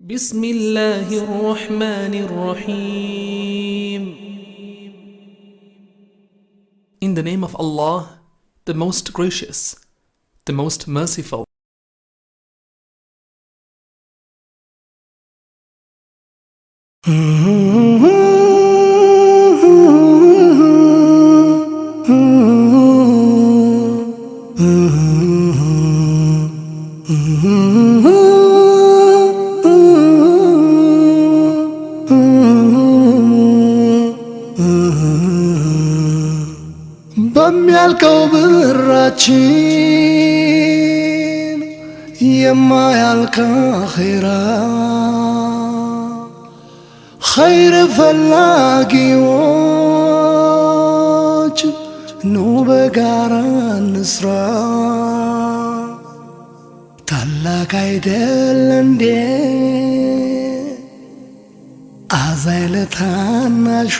بسم الله الرحمن الرحيم In the name of Allah, the most gracious, the most merciful. Mm-hmm. ምድራችን የማያልቅ አኼራ ኸይር ፈላጊዎች ኑ በጋራ እንስራ። ታላቅ አይደል እንዴ አዛይ ለታናሹ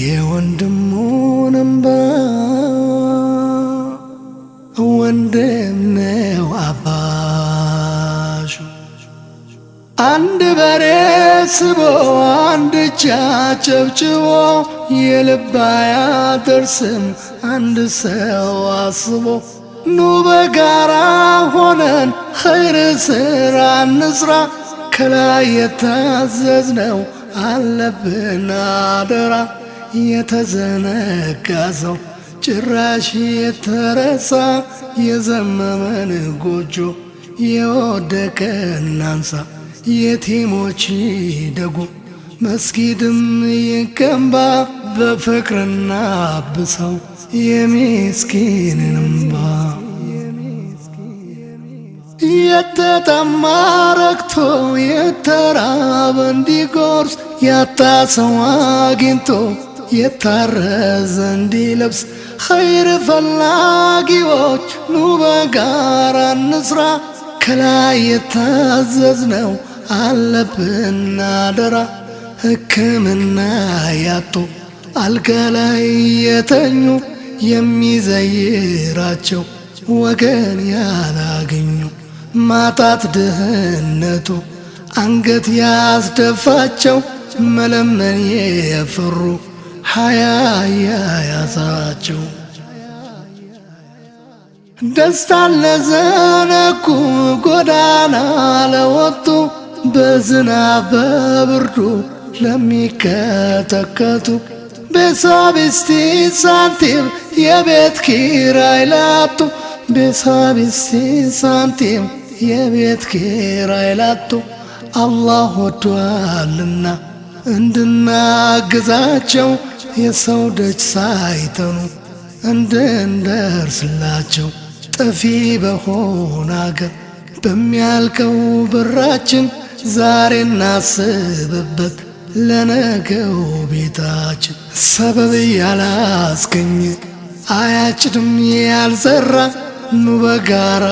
የወንድሙን እንባ ወንድም ነው አባሹ። አንድ በሬ ስቦ አንድ እጅ አጨብጭቦ የልብ አያደርስም አንድ ሰው አስቦ ኑ በጋራ ሆነን ኸይር ስራ እንስራ ከላይ የታዘዝነው አለብን አደራ የተዘነጋ ሰው ጭራሽ የተረሳ የዘመመን ጎጆ የወደቀ እናንሳ የቲሞች ደጉ መስጊድም ይገንባ በፍቅርና ብሰው የሚስኪንንምባ የተጠማ ረክቶ የተራበ እንዲጎርስ ያጣ ሰው አግኝቶ የታረዘ እንዲለብስ ኸይር ፈላጊዎች ኑ በጋራ እንስራ። ከላይ የታዘዝነው አለብን አደራ። ሕክምና ያጡ አልጋ ላይ የተኙ የሚዘይራቸው ወገን ያላገኙ ማጣት ድህነቱ አንገት ያስደፋቸው መለመን የፈሩ ሀያ ያያዛቸው ደስታን ለዘነኩ ጎዳና ለወጡ በዝናብ በብርዱ ለሚከተከቱ ቤሳቢስቲ ሳንቲም የቤት ኪራይ ላጡ ቤሳቢስቲ ሳንቲም የቤት ኪራይ ላጡ አላህ ወዷልና እንድናግዛቸው የሰው ደጅ ሳይጠኑ እንድንደርስላቸው ጠፊ በሆነ አገር በሚያልቀው ብራችን ዛሬ እናስብበት ለነገው ቤታችን። ሰበብ ያላስገኘ አያጭድም ያልዘራ ኑ በጋራ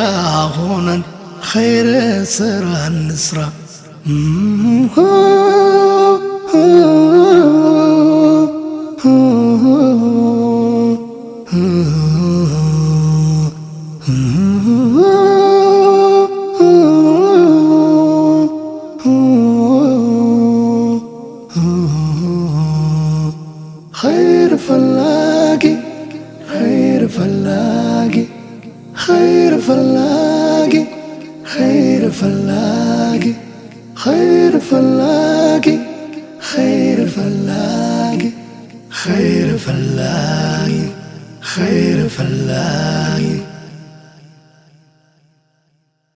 ሆነን ኸይረ ስራ እንስራ። خير فلاقي خير فلاقي خير فلاقي خير فلاقي خير فلاقي خير فلاقي خير فلاقي خير فلاقي